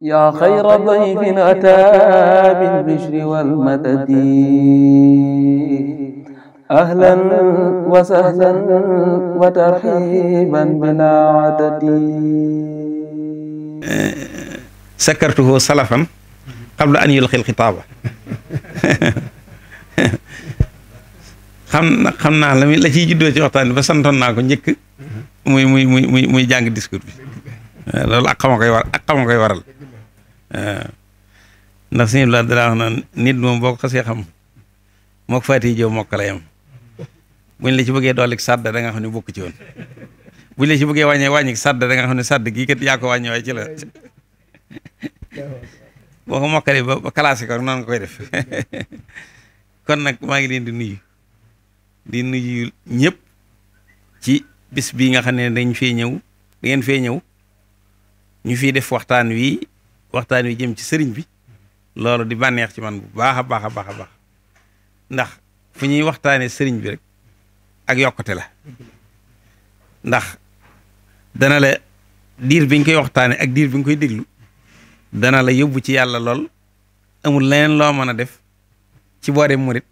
yaa xayra dayfin ataa bil bishri wal madadi ahlan wa sahlan wa tarxiiban bilaa adadi. sakartuhu salafan qabla an yulqi alxitaaba xam na xam naa la la ciy juddoo ci waxtaan bi ba santoon naa ko njëkk muy muy muy muy jàng discours bi loolu ak xama koy war ak xama koy waral. Eh, ndax suñu bilaat dalaa wax naan nit moom boo ko xasee xam mook faati jëw mokk la yam buñ la ci bëggee dolli sàdd da xam ne bokk ci woon buñ la ci bëggee wàññee wàññi sàdd da xam ne sàdd gii kat yaa ko wàññi waaye ci la boo koy def kon nag maa ngi leen di nuyu di nuyu ñëpp ci bis bii nga xam ne dañ fee ñëw da ngeen fee ñëw ñu fiy def waxtaan wi waxtaan wi jëm ci sëriñ bi loolu di bànneex ci man bu baax a baax a baax a baax ndax fu ñuy waxtaanee sëriñ bi rek ak yokkute la ndax dana la diir bi ñu koy waxtaanee ak diir bi nga koy déglu dana la yóbbu ci yàlla lool amul leneen loo mën a def ci boore murit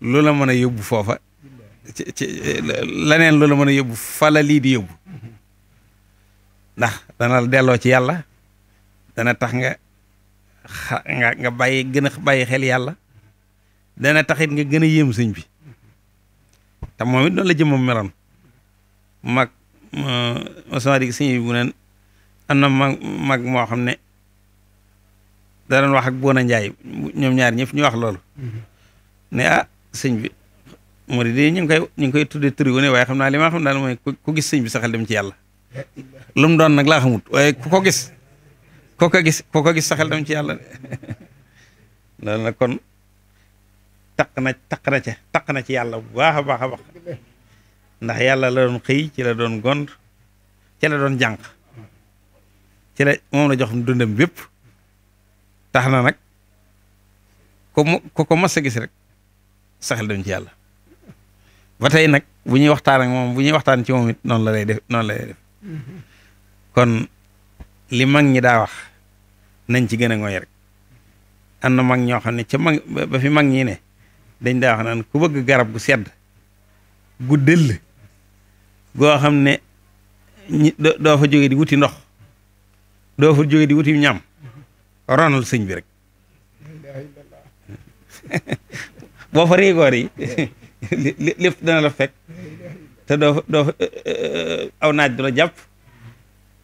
lu la mën a yóbbu foofa ci ci leneen lu mën a yóbbu fa la lii di yóbbu ndax dana la delloo ci yàlla dana tax nga xa nga nga gën bàyyi xel yàlla dana taxit nga gën a yéem sëñ bi te moom it noonu la jëmmam meloon mag mosuma dégg sëñ bi bu neen am na mag mag moo xam ne da doon wax ak Boona Njaay ñoom ñaar ñëpp ñu wax loolu ne ah sëñ bi murid yi ñu ngi koy ñu ngi koy tuddee tur wu ne waaye xam naa li ma xam daal mooy ku gis sëñ bi saxal dem ci yàlla lu doon nag laa xamut ko gis kooko gis kooko gis saxel dem ci yàlla de loolu nag kon taq na taq na ca taq na ci yàlla bu baax a baax a baax ndax yàlla la doon xëy ci la doon gond ci la doon jànq ci la moom la jox dundam bépp tax na nag ku mu ku ko mas gis rek saxel dem ci yàlla ba tey nag bu ñuy waxtaan ak moom bu ñuy waxtaan ci moom it noonu la lay def noonu la lay def mm-hmm. kon li mag ñi daa wax nañ ci gën a ngoy rek am na mag ñoo xam ne ca mag ba fi mag ñi ne dañ daa wax naan ku bëgg garab gu sedd gu dëll goo xam ne ñi doo fa jóge di wuti ndox doo fa di wuti ñam ronal sëñ bi rek boo fa riigoor yi lépp dana la fekk te doo fa eh, eh, eh, naaj la jàpp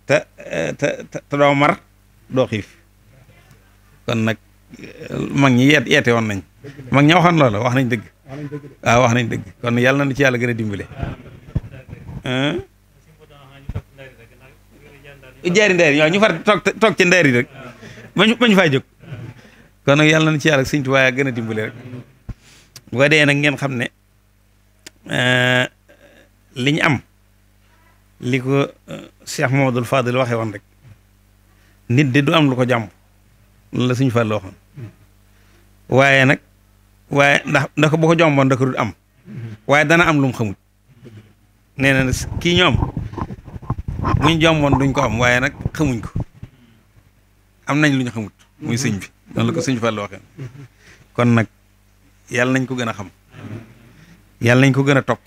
te doo mar doo xiif kon nag eh, mag ñi yeet yeete woon nañ mag ñi waxoon loola wax nañ dëgg waaw wax nañ dëgg kon yàlla na ci yàlla gën a dimbale jaari ndeyri ñu far toog toog ci ndeyri rek mañ mañu faa jóg kon nag yàlla na ci yàlla Sëñ Tuubaa gën a dimbale rek bu nag ngeen xam ne eh, li am li ko eh, Cheikh Mamadou Fadil waxee woon rek nit de du am lu ko jàmm la suñ fàllu waxoon waaye nag waaye ndax ndax bu ko jomboon da ko am waaye dana am lum mu xamul nee na kii ñoom buñ jomboon duñ ko am waaye nag xamuñ ko am nañ lu ñu xamut muy sëñ bi noonu la ko sëñ fàllu waxee kon nag yàlla nañ ko gën a xam yàlla nañ ko gën a topp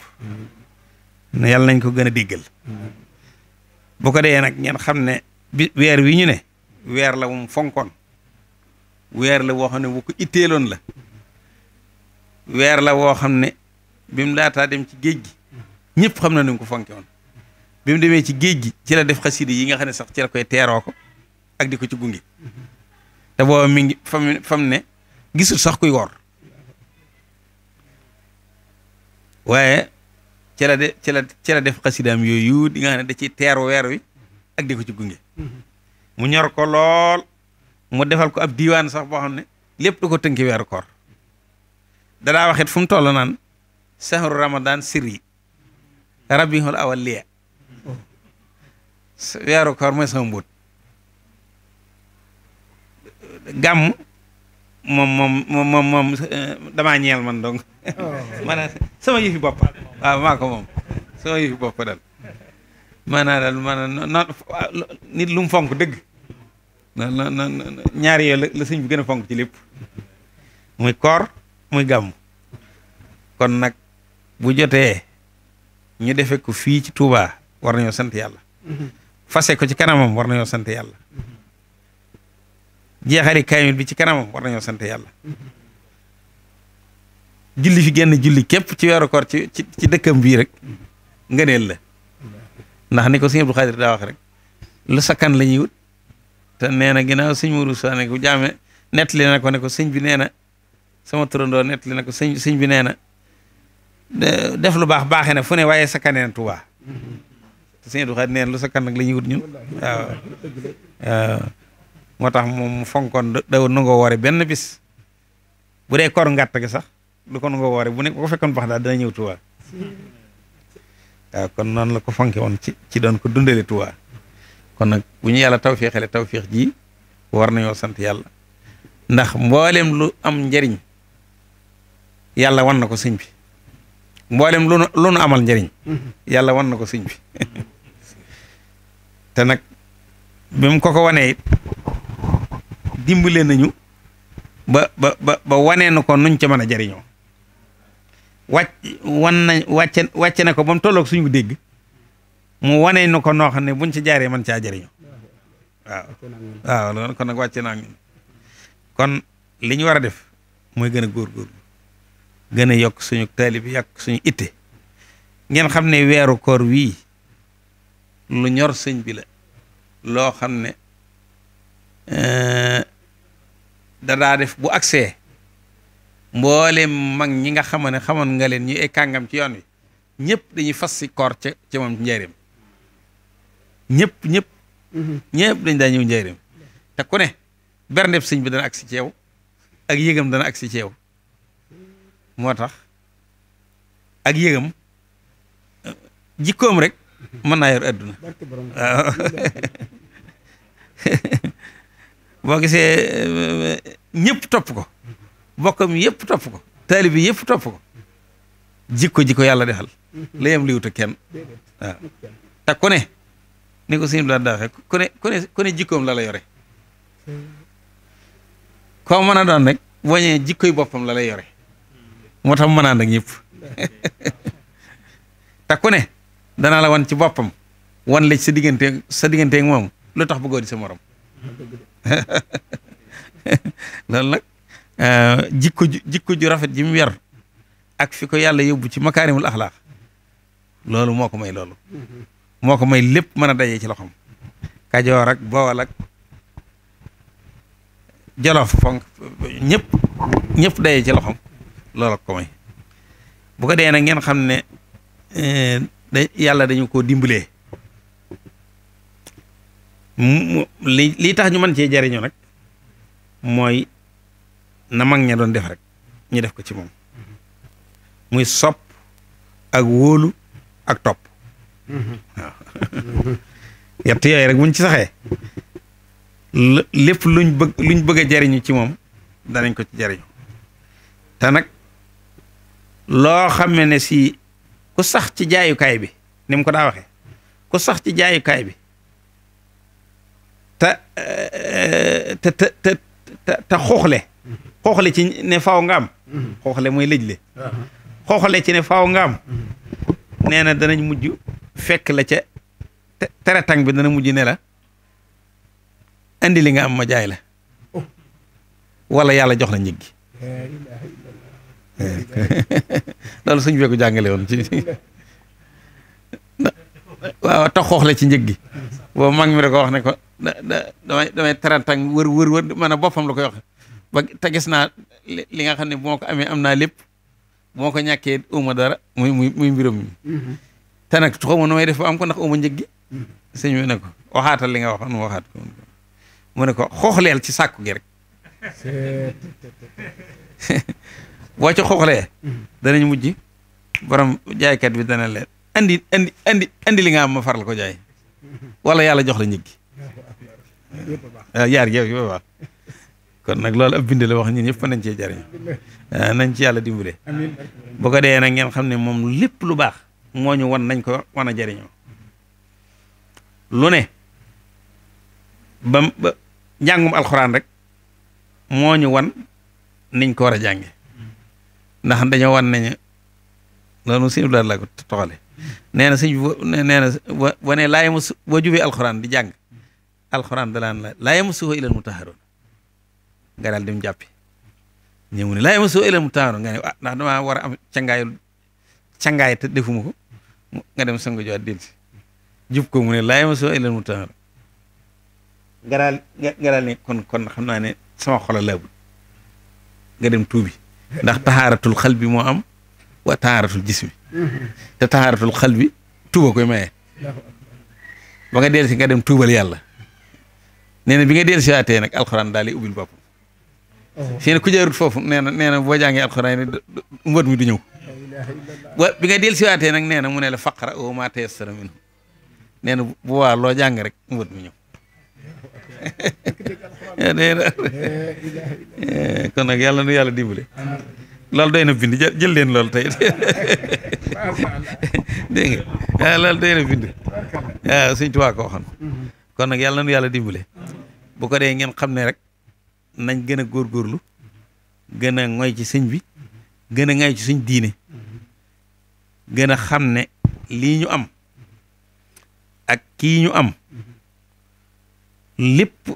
yàlla nañ ko gën a déggal bu ko dee nag ngeen xam ne bi weer wi ñu ne weer la mu fonkoon weer la woo xam ne bu ko loon la weer la woo xam ne bi mu laataa dem ci géej gi ñëpp xam na ni ko fonke woon bi mu demee ci géej gi ci la def xasida yi nga xam ne sax ci la koy teeroo ko ak di ko ci gunge te booba mi ngi fam fam ne gisul sax kuy wor waaye ci la de ci la ci la def xasidaam yooyu di nga xam ne da ci teeru weer wi ak di ko ci gunge mu ñor ko lool mu defal ko ab diiwaan sax boo xam ne lépp du ko tënki weeru koor dadaa waxit fu mu toll naan sahru ramadan sirri rabihul awal liya weeru koor mooy sama mbóot gàmm moom moom moom moom eh, damaa man donc oh. maanaam sama yëfi bopp waaw maa ko moom sama yëfi bopp dal maanaam daal maanaam nit lu fonk dëgg na na na ñaari yooyu la sëñ bu gën a fonk ci lépp muy koor muy gàmm kon nag bu jotee ñu defe ko fii ci Touba war nañoo sant yàlla fase ko ci kanamam war nañoo sant yàlla jeexari kaamil bi ci kanamam war nañoo sant yàlla julli fi génn julli képp ci weeru koor ci ci ci dëkkam bii rek ngëneel la ndax ni ko sëñ Abdou Khadir daa rek lu sakkan la wut te nee na ginnaaw sëñ Mourou Sow ne ko jaame nettali na ko ne ko sëñ bi nee na sama turandoo nettali na ko sëñ sëñ bi nee na def lu baax baaxe na fu ne waaye sakkanee tuwa Tuubaa te sëñ Abdou Khadre lu sakkan nag la ñuy wut ñun moo tax moom mu fonkoon daw nangoo woore benn bis bu dee kor ngàtt gi sax du ko nangoo woore bu ne ko fekkoon baax daal dina ñëw Tuubaa waaw kon noonu la ko fonke woon ci ci doon ko dundale Tuubaa kon nag bu ñu yàlla tawféexale tawféex ji war nañoo sant yàlla ndax mboolem lu am njariñ yàlla wan na ko sëñ bi mboolem lu lu amal njariñ mm-hmm. yàlla na ko sëñ te nag bi mu ko ko wanee it dimbale nañu ba ba ba wanee na ko nuñ ci mën a jariñoo wàcc wan nañ wàcce wàcce na ko ba mu suñ suñu dégg mu wane nu ko noo xam ne buñ ci jaaree mën caa jariño waaw waaw loolu kon nag wàcce naa ñun kon li war a def mooy gën a góor góorgóorlu gën a yokk suñu taalib yokk suñu itte ngeen xam ne weeru koor wii lu ñor sëñ bila loo xam ne eh, dadaa def bu agsee mboolem mag ñi nga xamoon ne xamoon nga leen ñu ay kàngam ci yoon wi ñëpp dañuy fas si koor ca ca moom njëriñ ñépp ñëpp. Mhm. ñëpp dañ daa ñëw njaareem te ku ne berndeb sëñ bi dana agsi ci yow ak yëgam dana agsi ci yow moo tax ak yëgam eh, jikkoom rek mën naa yor adduna waaw boo gisee eh, ñëpp topp ko bokkam yëpp topp ko taalibi yëpp topp ko jikko jikko yàlla defal mhm. la yem kenn waaw ni ko sëñ bi daal daa ku ne ku ne ku jikkoom la la yore koo mën a doon rek boo ñëwee jikkoy boppam la lay yore moo tax mën a ànd ak ñëpp te danaa la wan ci boppam wan la sa diggante sa digganteeg moom lu tax bëggoo di sa morom loolu nag euh, jikko ju ju rafet ji mu yor ak fi ko yàlla yóbbu ci makaarimul axlaax loolu moo ko may loolu moo ko moy lépp mën a dajee ci loxoom kajoor ak bawal ak jolof fonk ñëpp ñëpp ci loxoom loolu ko may bu ko dee na ngeen xam ne eh, yàlla dañu koo dimbalee li lii tax ñu mën cee jariñu nag mooy na mag ña doon def rek ñu def ko ci moom muy sopp ak wóolu ak topp waaw yett yooyu rek buñ ci saxee lépp luñ bëgg luñ bëgg a jariñu ci moom danañ ko ci jariñu te nag loo xam ne si ku sax ci jaayukaay bi nim ko daa waxe ku sax ci jaayukaay bi eh, te te te te xooxle xooxle ci ne faw ngaam am xooxle mooy lëjle xooxle ci ne faaw nga am danañ mujj fekk la ca teretang bi dana mujji ne la indi li nga am ma jaay la wala yàlla jox la njëg gi loolu suñ beeku jàngale woon ci waaw taxoox la ci njëg gi boobu mag mi da ko wax ne ko da da damay damay teretang wër wër wër man a boppam la koy wax ba te naa li nga xam ne bu ma ko amee am naa lépp bu ma ko ñàkkee uma dara muy muy muy mi mm-hmm. te nag xaw na may def am ko ndax uma njëg gi sëñ ne ko waxaatal li nga waxoon mu waxaat ko mu ne ko xooxleel ci sàkku gi rek boo ci xooxlee danañ mujj borom jaaykat bi dana leen andi andi andi andi li nga am ma faral ko jaay wala yàlla jox la njëg gi ah, yaar yëpp yëpp baax kon nag loolu ab bind wax ñun ñëpp nañ cee jariñ ah, ci yàlla dimbale bu ko dee nag ngeen xam ne moom lépp lu baax moo ñu wan nañ ko wan a jariñoo lu ne ba njàngum alxuraan rek moo ñu wan niñ ko war a jànge ndax dañoo wan nañu loolu sëñ Abdoulaye laa ko toxale nee na sëñ nee na wa ne laa yamassu boo jubee alxuraan di jàng alxuraan dalaan la laa yamassuhu illal mutahharuun nga daal di mu jàppi ñëw ne laa yamassuhu illal mutahharuun nga ne ah war a am cangaayul cangaay te defuma nga dem sangu jowaat delsi jub ko mu ne laay ma soo ilal mu tàngal nga daal kon kon xam naa ne sama xol laabul nga dem tuubi ndax taxaaratul xal bi moo am wa taxaaratul gis bi te taxaaratul xal bi tuuba koy maye ba nga delsi nga dem tuubal yàlla nee na bi nga delsi waatee nag alxuraan daal di ubbil boppam. Oh. seen ku jaarut foofu nee na nee na boo jàngee mbët mi du ñëw. wa bi nga del siwaatee nag nee na mu ne la faqra o ma tayassara minhu na bu waa loo jàng rek mbët mi ñëw nag yàlla nu yàlla dimbale loolu na bind jël leen loolu tey dégg nga ah, loolu doy ah, suñ tubaa ko waxoon kon nag yàlla nu yàlla dimbale bu ko ngeen xam ne rek nañ gën a góorgóorlu gën a ngoy ci sëñ bi gën a ci suñ diine gën a xam ne lii ñu am ak kii ñu am lépp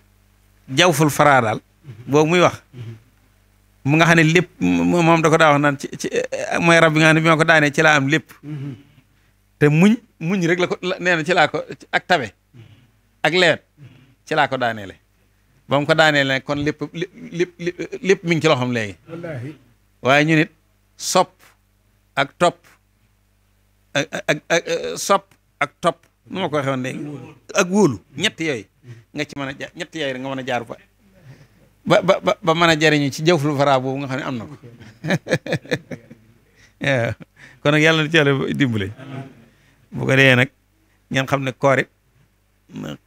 jawful faraa boobu muy wax mu nga xam ne lépp moom da ko daa wax naan ci nga ne bi ko daanee ci laa am muñ muñ rek la ci laa ko ak tabe ak lewet ci laa ko daaneele ba mu ko daaneele kon lépp lépp lépp mi ngi ci loxoom waaye ñu nit ak topp ak ak ak eh, ak topp nu ma ko waxee woon ak wóolu ñett yooy nga ci mën a ja ñett yooyu nga mën a jaar ba ba ba ba mën a jariñu ci jawful fara boobu nga xam ne am na ko kon nag yàlla na ci yàlla dimbale bu ko nag ngeen xam ne koor it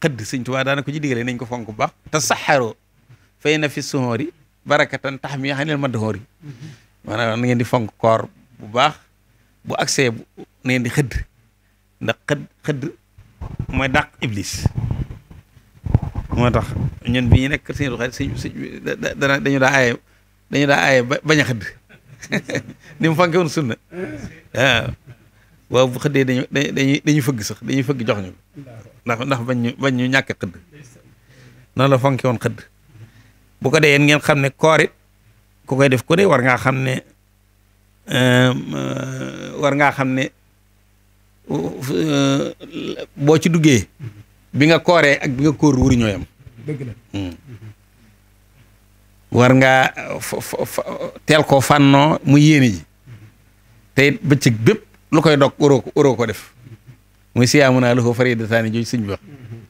xëdd sëñ Tuubaa ko ci digale nañ ko fonk bu baax te saxaroo fay na fi suhoori barakatan tax mi xam ne madhoori maanaam na ngeen di fonk koor bu baax bu accès na ngeen di xëdd ndax xëdd xëdd mooy dàq iblis moo tax ñun bi ñu nekk seen xarit suñ dañu daa aaye dañu daa aaye bañ xëdd ni mu fanke woon sunna waaw waaw bu xëddee dañu dañuy dañuy fëgg sax dañuy fëgg jox ñu ndax ndax bañ ñu bañ xëdd noonu la fanke woon xëdd bu ko dee yéen ngeen xam ne koor it koy def ku ne war ngaa xam ne euh, euh, war ngaa xam ne Euh, boo ci duggee bi nga kooree ak bi nga kóor wuri ñooyam dëgg la hmm. war ngaa uh, teel koo fànnoo mu yéene ji te bëccëg bépp lu koy dog waroo ko ko def muy siyaamu naa la ko fari dataani jooju sëñ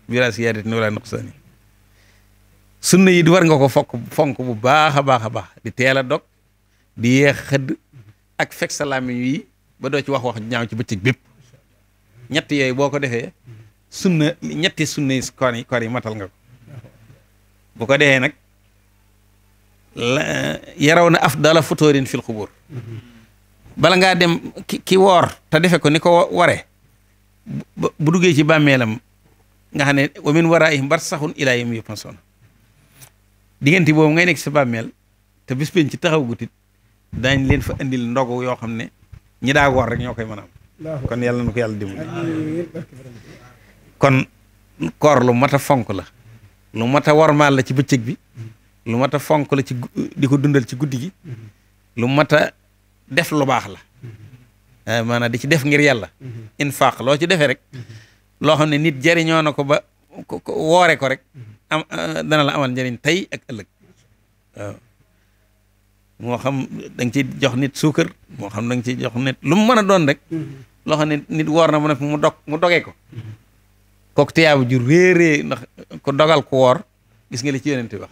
bi war nga ko fokk fonk bu baax a baax a baax di teel a dog di yeex xëdd ak fekk sa làmmiñ yi ba doo ci wax wax ñaaw ci bëccëg bépp ñetti yooyu boo ko defee sunna ñetti sunna yi koor yi matal nga ko bu ko defee nag yaraw na afdala futoorin fil xubur bala ngaa dem ki ki woor te defe ko ni ko ware bu duggee ci bàmmeelam nga xam ne wa min waraihim barzaxun ilaa yawmi yub'asuun diggante boobu ngay nekk sa bàmmeel te bis ci taxaw gutit daañ leen fa indil ndogu yoo xam ne ñi daa woor rek ñoo koy mën a am kon yàlla na ko yàlla dimbali kon koor lu mat a fonk la lu mat a ma la ci bëccëg bi lu mat a fonk la ci di ko dundal ci guddi gi lu mat a def lu baax la eh, maanaam di ci def ngir yàlla infaq loo ci defee rek loo xam ne nit jariñoo na ko ba woore ko rek am eh, dana la amal njariñ tey ak ëllëg moo xam da ci jox nit suukar moo xam da nga jox nit lu mu mën a doon rek mm-hmm. loo xam ne nit woor na mu ne mu dog mu dogee ko mm-hmm. kooku tiyaabu ju réerée ndax ku dogal ku woor gis nga li ci yonent bi wax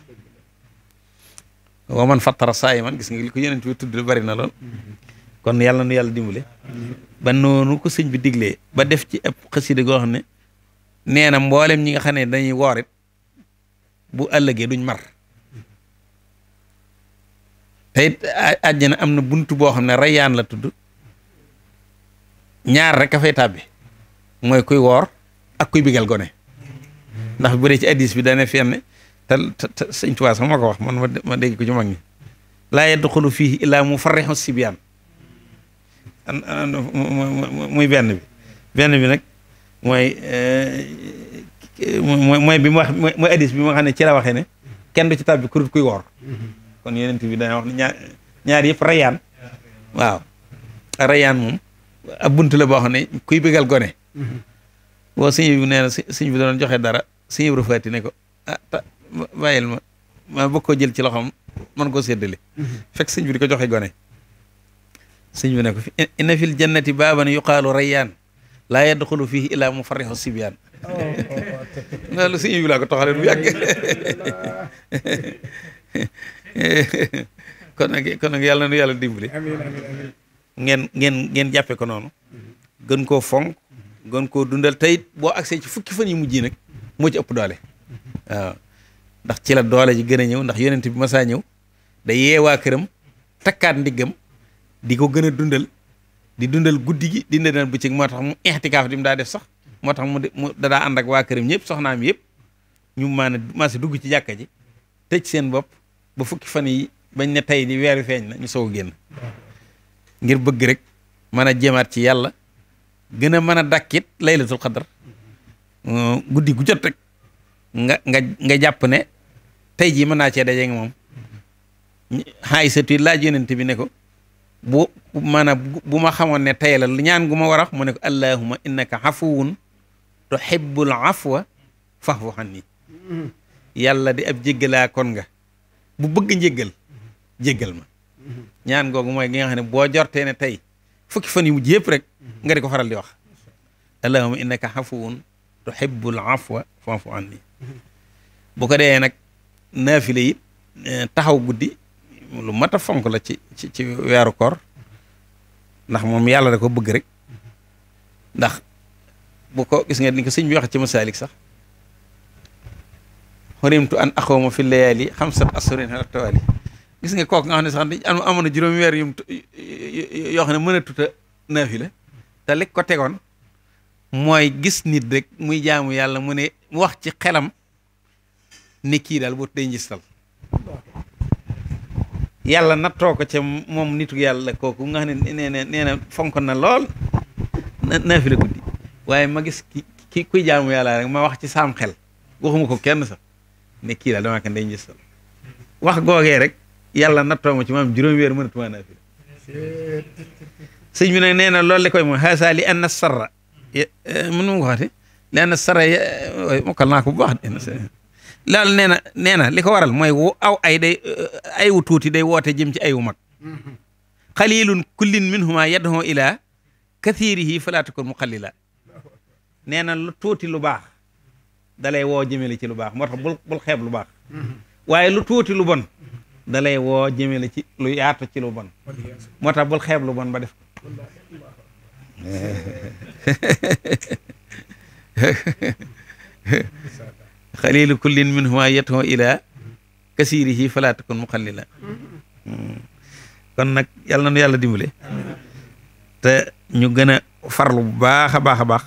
wa man fattara man gis nga li ko yonent bi tudd bari na lool mm-hmm. kon yàlla nu yàlla dimbale ba noonu ko sëñ bi diglee ba def ci ab xasida goo xam ne nee na mboolem ñi nga xam ne dañuy woor it bu ëllëgee duñ mar te it àjjana am na bunt boo xam ne rayyaan la tudd ñaar rek a fay tàbbi mooy kuy woor ak kuy bigal gone ndax bu dee ci addis bi dane fenn te te sëñ Tuubaa sax ma ko wax man ma ma dégg ko ci mag ñi laa yadxulu fii illaa mufarrihu sibyaan muy benn bi benn bi nag mooy eh, mooy bi mu wax mooy addis bi ma xam ne ci la waxee ne kenn du ci tàbbi kurut kuy woor mm-hmm. kon yonent bi dana wax ne ñaar ñaar yëpp rayaan waaw rayaan moom ab bunt la boo xam ne kuy bégal gone boo sëñ bi nee na sëñ bi doon joxe dara sëñ Ibra Faati ne ko a ah, ta bàyyil ma ma bëgg koo jël ci loxoom man koo séddale fekk sëñ bi di ko joxe gone sëñ bi ne ko inna fil jannati baaban yuqaalu rayyaan laa yadxulu fihi illaa mufarrihu sibyaan oh, oh, oh. loolu sëñ bi laa ko toxaleen bu yàgg kon nag kon nag yàlla nu yàlla dimbali. amiin ngeen ngeen ngeen jàppee ko noonu. gën koo fonk. gën koo dundal tayit boo agsee ci fukki fan yi mujj nag moo ci ëpp doole. waaw ndax ci la doole ji gën a ñëw ndax yonent bi masaa ñëw da yee waa këram takkaat ndiggam di ko gën a dundal di dundal guddi gi di dundal bëccëg moo tax mu ixtikaaf di mu daa def sax moo tax mu mu dadaa ànd ak waa këram ñëpp soxnaam yëpp ñu maanaam maase dugg ci jàkka ji tëj seen bopp. ba fukki fan yi bañ ne tey di weer weeru feeñ na ñu soog génn ngir bëgg rek mën a jéemaat ci yàlla gën a mën a dàkkit laylatul xadar euh, guddi gu jot rek nga nga nga jàpp ne tey jii mën naa cee daje nga moom xaay sa tuuti laaj yonent bi ne ko bu maanaam bu ma xamoon ne tey la ñaan gu ma war a wax mu ne ko allahumma innaka afuwun tuhibbul afwa fa'fu anni mm-hmm. yàlla di ab jéggalaa kon nga bu bëgg njéggal jéggal ma ñaan googu mooy gi ne boo jortee ne tey fukki fan yu mujj yëpp rek nga di ko faral di wax allahumma innaka afuwun tuhibbul afwa fa'fu anni bu ko dee nag naafile yi eh, taxaw guddi lu mat a fonk la ci ci ci weeru koor ndax moom yàlla da ko bëgg rek ndax bu ko gis nga ni ko sëñ bi wax ci masaalik sax xarimtu an axawma fi layaali xamsat asrin ala tawaali gis nga kook nga xam ne sax am amoon na juróomi weer yoo xam ne mën a tuta la te li ko tegoon mooy gis nit rek muy jaamu yàlla mu ne mu wax ci xelam ne kii daal boo day njistal yàlla nattoo ko ca moom nitu yàlla kooku nga xam ne nee na nee na lool naafi la guddi waaye ma gis ki kuy jaamu yàlla rek ma wax ci saam xel waxuma ko kenn sax ne kii daal damaa kan day googee rek yàlla nattoo ma ci maam juróom weer mënatuma naafila sëñ bi nag nee na loolu la koy moom xaasa li anna sarra eh, mun mu waxaate li anna na nee na li ko waral mooy wu aw ay day eh, ay wu tuuti day woote jëm ci ay wu mag xalilun kullin minhuma yadhu ila kathirihi fala takun muqallila nee na lu tuuti lu baax dalay woo jëmele ci lu baax moo tax bul xeeb lu baax mm-hmm. waaye lu tuuti lu bon dalay woo jëmele ci lu yaatu ci lu bon moo tax bul xeeb lu bon ba def ko xalilu kullin minhuma yetoo ila kasiirihi falaa takun muqallila mm-hmm. kon nag yàlla na nu yàlla dimbale te ñu gën a farlu baax a baax a baax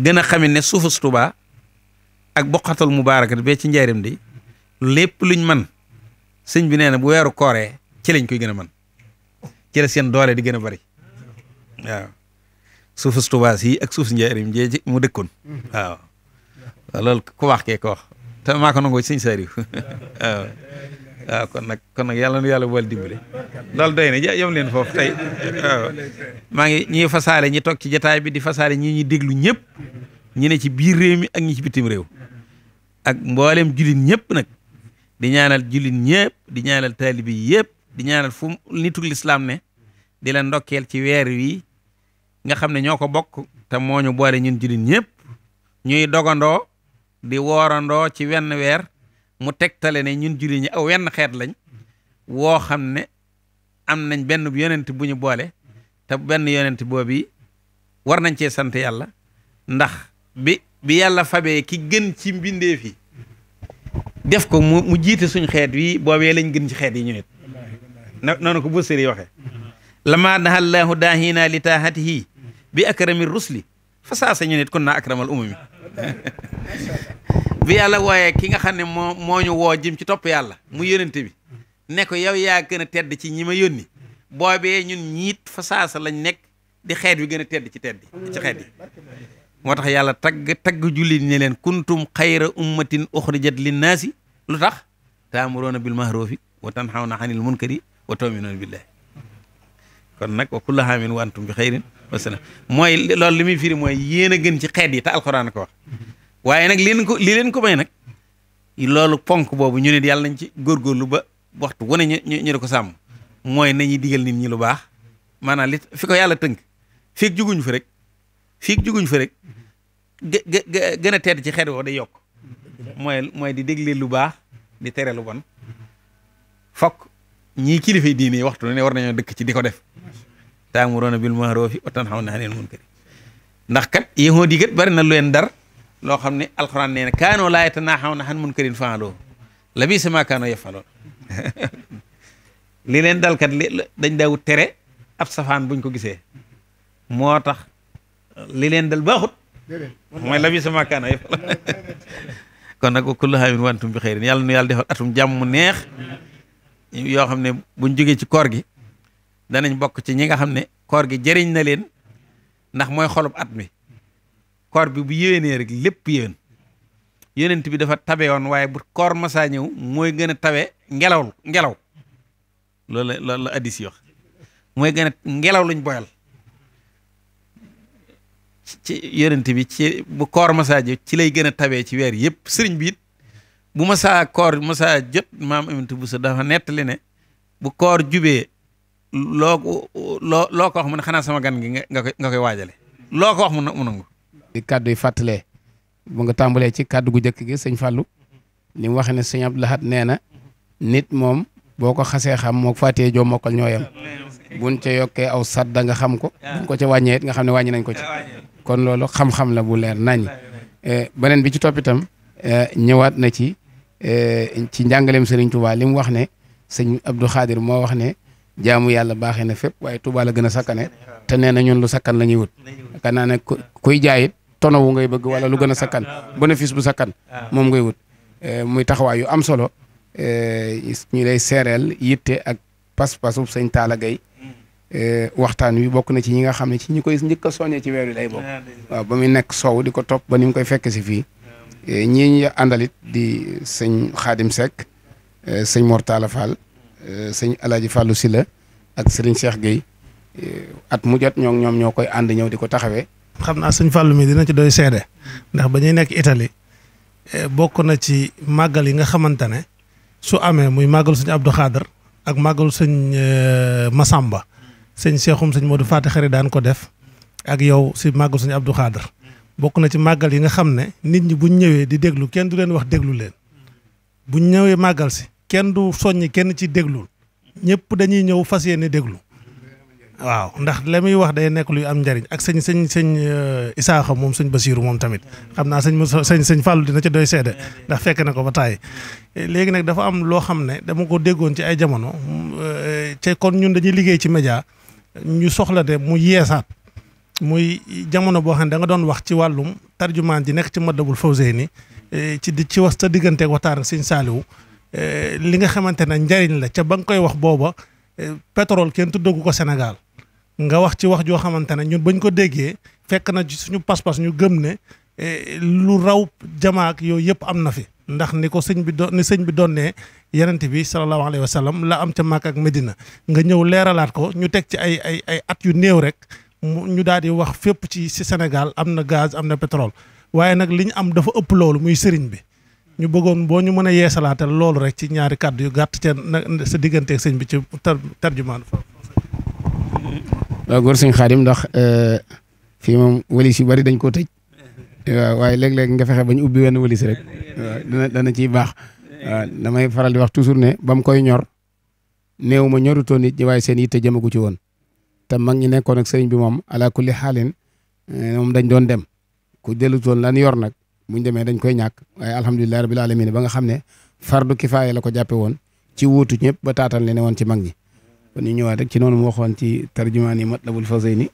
gën a ne suufus Tuubaa ak boqatul mubaarakat bee ci njaaram di lépp luñ man sëñ bi nee na bu weeru kooree ci lañ koy gën a man ci la seen doole di gën a bari waaw suufus tubaas ak suuf si njaaram jee mu dëkkoon waaw loolu ku wax kee ko wax te maa ko kon nag kon nag yàlla nu yàlla boole dimbale loolu doy na yom leen foofu tey maa ngi ñuy fasaale ñi toog ci jataay bi di fasaale ñi ñuy déglu ñëpp ñi ne ci biir réew mi ak ñi ci bitim réew ak mboolem jullit ñëpp nag di ñaanal jullit ñëpp di ñaanal taalibi yëpp di ñaanal fu nitu lislaam ne di la ndokkeel ci weer wi nga xam ne ñoo ko bokk te moo ñu boole ñun jullit ñëpp ñuy dogandoo di woorandoo ci wenn weer mu tegtale ne ñun jullit aw wenn xeet lañ woo xam ne am nañ benn yonent bu ñu boole te benn yonent boobu war nañ cee sant yàlla ndax bi bi yàlla fabee ki gën ci mbindeef yi def ko mu mu jiite suñ xeet wi boobee lañ gën ci xeet yi ñu nit na noonu ko bësër yi waxee lama naha llaahu daahina li taahatihi bi akrami rusli fa saasa ñu nit kun naa akramal umami bi yàlla wooyee ki nga xam ne moo moo ñu woo jëm ci topp yàlla mu yónente bi ne ko yow yaa gën a tedd ci ñi ma yónni boobee ñun ñiit fa saasa lañ nekk di xeet wi gën a tedd ci tedd ci xeet yi moo tax yàlla tagg tagg jullit ni leen kuntum xayra ummatin uxrijat linnaasi lu tax taamuroona bil mahrufi wa tanhawna anil munkari wa tuminuuna billahi kon nag wa kullu aamin wa antum bi xayrin wa salaam mooy lool li muy firi mooy yéen a gën ci xeet yi te alxuraan ko waaye nag li leen ko li leen ko may nag loolu ponk boobu ñu ne yàlla nañ ci góorgóorlu ba waxtu wane di ko sàmm mooy nañuy digal nit ñi lu baax maanaam li fi ko yàlla tënk feeg juguñu fi rek fii juguñ fa rek gën a tedd ci xeet woo day yokk mooy mooy di dégle lu baax di tere lu bon fokk ñii kilifa diine waxtu ne war nañoo dëkk ci di ko def taamuruuna bil ma'ruufi wa tanhawna anil munkari ndax kat yéexoo di kat bari lu leen dar loo xam ne alxuraan xaw na kaanoo mun yatanaaxawna an munkarin fa'aluu labiisa maa kaanoo yaf'aluun li leen dal kat li dañ daawut tere ab safaan buñ ko gisee moo tax li leen dal baaxut mooy la bi sama kon nag kullu aamin wa antum bi xeyrin yàlla nu yàlla defal atum jàmm neex yoo xam ne buñ jógee ci koor gi danañ bokk ci ñi nga xam ne koor gi jëriñ na leen ndax mooy xolub at mi koor bi bu nee rek lépp yéen yonent bi dafa tabe woon waaye bu koor masaa ñëw mooy gën a tawe ngelaw ngelaw loolu la loolu la addis yi mooy gën a ngelaw luñ boyal ci yërënt bi ci bu koor masaa ji ci lay gën a ci weer yëpp sëriñ bi bu masaa koor masaa jot maam Aminata Bousso dafa nettali ne bu koor jubee loo loo loo ko wax mu ne xanaa sama gan gi nga koy waajale loo ko wax mu nangu di kàddu yi fàttalee nga tàmbalee ci kàddu gu njëkk gi sëñ Fallou li mu waxee ne sëñ Abdou Lahad nit moom boo ko xasee xam moo fàttee joo mokkal ñooyam buñ ca yokkee aw sadda nga xam ko buñ ko ca wàññee nga xam ne wàññi nañ ko ci kon loolu xam-xam la bu leer nañ eh, beneen bi ci toppitam itam eh, ñëwaat na ci eh, ci njàngaleem Serigne Touba li mu wax ne sëñ Abdou Khadir moo wax ne jaamu yàlla baaxee na fépp waaye Touba la gën a sakkane te nee na ñun lu sakkan la ñuy wut xanaa ne kuy jaayit tono wu ngay bëgg wala lu gën a sakkan ah. bénéfice bu sakkan ah. moom ngay wut muy taxawaay yu am solo ñu lay seereel yitte ak pas-pasu sëñ Talla Gueye mm. Eh, waxtaan wi bokk na ci ñi nga xam ne ci ñi koy njëkk a soññee ci weer wi lay bokk. Ah, waaw ba muy nekk soow di ko topp ba ni mu koy fekk si fii. Ah. Eh, ñii ñu àndalit di sëñ Xaadim Seck eh, sëñ Mortala Fall sëñ Alaaji Fàllu la ak sëriñ Cheikh Gueye at mu ñoo ñoom ñoo koy ànd ñëw di ko taxawee. xam naa sëñ Fàllu mi dina ci doy seede ndax ba ñuy nekk Italie bokk na ci màggal yi nga xamante ne su amee muy màggal sëñ Abdou Khader ak màggal sëñ masamba sëñ Cheikhoum sëñ Modou Faty Khary ko def ak yow si màggal sëñ Abdou Khader bokk na ci màggal yi nga xam ne nit ñi buñ ñëwee di déglu kenn du leen wax déglu leen buñ ñëwee màggal si kenn du soññ kenn ci déglul ñëpp dañuy ñëw fas yéene déglu waaw ndax la muy wax day nekk luy am njariñ ak sëñ sëñ sëñ euh, Isaaxa moom sëñ Basiiru moom tamit xam naa sëñ sëñ sëñ Fàllu dina ci doy seede ndax fekk na ko ba tàyyi léegi nag dafa am loo xam ne dama ko déggoon ci ay jamono euh, te kon ñun dañuy liggéey ci média ñu soxla de mu yeesaat muy jamono boo xam ne da doon wax ci wàllum tarjumaan ji nekk ci Matlabul Fawzayni eh, ci di ci was ta digganteeg waxtaan ak Sëñ Saaliwu eh, li nga xamante ne njariñ la ca ba nga koy wax booba eh, pétrole kenn tuddagu ko Sénégal nga wax ci wax joo xamante ne ñu bañ ko déggee fekk na suñu pas-pas ñu gëm ne lu raw jamaak yooyu yëpp am na fi ndax ni ko sëñ bi doon yonent bi sallallahu alayhi wa sallam la am ca Màkka ak Medina nga ñëw leeralaat ko ñu teg ci ay ay ay at yu néew rek ñu daal di wax fépp ci si Sénégal am na gaz am na pétrole waaye nag li ñu am dafa ëpp loolu muy sëriñ bi ñu bëggoon boo ñu mën a yeesalaatal loolu rek ci ñaari kàddu yu gàtt ca sa digganteeg sëñ bi ci tarjumaan waaw góor sëñ Xaadim ndax euh, fii moom walis yu bari dañ koo tëj waaye léeg-léeg nga fexe ba ñu ubbi wenn walis rek dana dana ciy baax Euh, damay faral di wax toujours ne ba mu koy ñor néew ma ñorutoon nit ñi waaye seen yitte jëmagu ci woon te mag ñi nekkoon ak sëriñ bi moom ala kulli xaalin eh, moom dañ doon dem ku dellutoon lan yor nag buñ demee dañ koy ñàkk waaye alhamdulilah rabil alamin ba nga xam ne fardu kifaaya la ko jàppe woon ci wuutu ñëpp ba taataan li woon ci mag ñi kon ñu ñëwaat rek ci noonu mu waxoon ci tarjumaani matlabul ni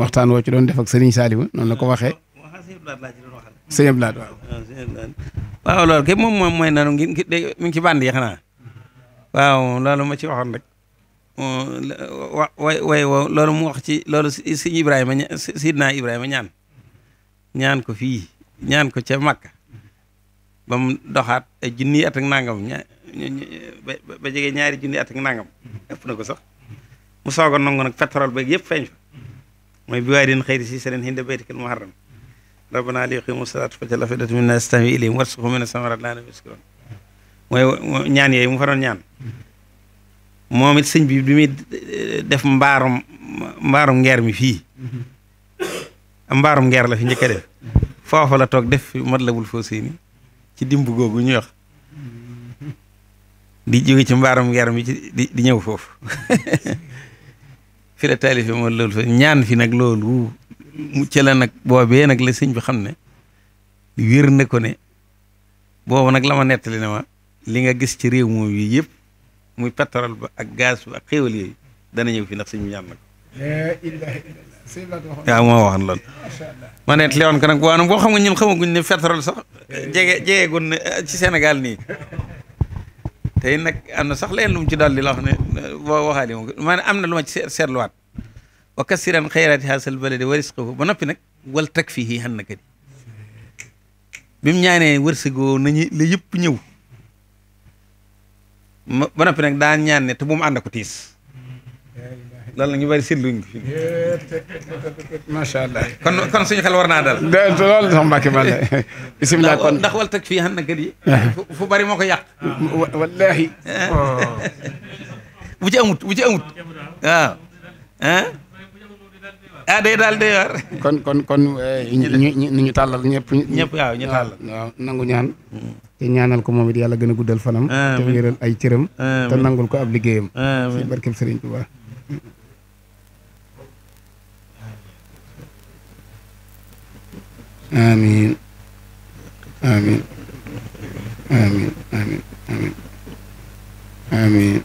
waxtaan woo ci doon def ak sëriñ Saliou noonu la ko waxee sëñ Abdoulaye waaw. loolu képp moom mooy nanu ngi mi ngi ci bànd yi xanaa loolu ma ci waxoon rek wa way way loolu mu wax ci loolu sëñ Ibrahima Sidna Ibrahima ñaan ñaan ko fii ñaan ko ca Makka ba mu doxaat ay junni at ak nangam ña ba jege ñaari junni at ak nangam ëpp na ko sax mu soog a nangu nag pétrole beeg yëpp feeñ fa mooy bi waay din xëy si seen hindi baytikal muharram rabbana li yuqimu salaat faj'al afidatan min naas tahwi ilayhim warzuqhum mina samaraat la'allahum yashkurun mooy ñaan yooyu mu fa doon ñaan moom it sëñ bi bi muy def mbaarum mbaarum ngeer mi fii mbaarum ngeer la fi njëkk def foofa la toog def Matlabul Fawzayni ci dimb googu ñuy wax di jóge ci mbaarum ngeer mi ci di di ñëw foofu fi la taalife ñaan fi nag loolu ci la nag boobee nag la sëñ bi xam ne wér na ko ne boobu nag la ma nettali ne ma li nga gis ci réew moom yi yëpp muy pétrole ba ak gaz ba ak xéwal yooyu dana ñëw fi ndax sëñ bi ñaan na ko. moo waxoon loolu ma ne li woon ko nag waaw boo xam nga ñun xamaguñ ne pétrole sax jege jegegun ne eh, ci Sénégal nii tey nag am na sax leen lu mu ci daal di la wax ne eh, boo ma ne am na lu ma ci seetluwaat wa kassir an xayraati haasal baladi wa risqahu ba noppi nag wal takfihi han naka di bi mu ñaanee wërsëgoo nañu la yëpp ñëw ba noppi nag daan ñaan ne te bu mu ànd ko tiis loolu la ñu bari seetluñ ko. macha allah. kon kon suñu xel war naa dal. loolu sax Mbacke Balla. bisimilah kon ndax wal teg fii xam na kat yi. fu bari moo ko yàq. wallahi bu ci amut bu ci amut waaw. ah day kon kon eh, ñu tàllal ñëpp. ñëpp ñu tàllal nangu ñaan. te ñaanal ko moom it yàlla gën a guddal fanam. te wéeral ay cëram. te nangul ko ab liggéeyam. ci barkeb Sëriñ Tuubaa. amiin amiin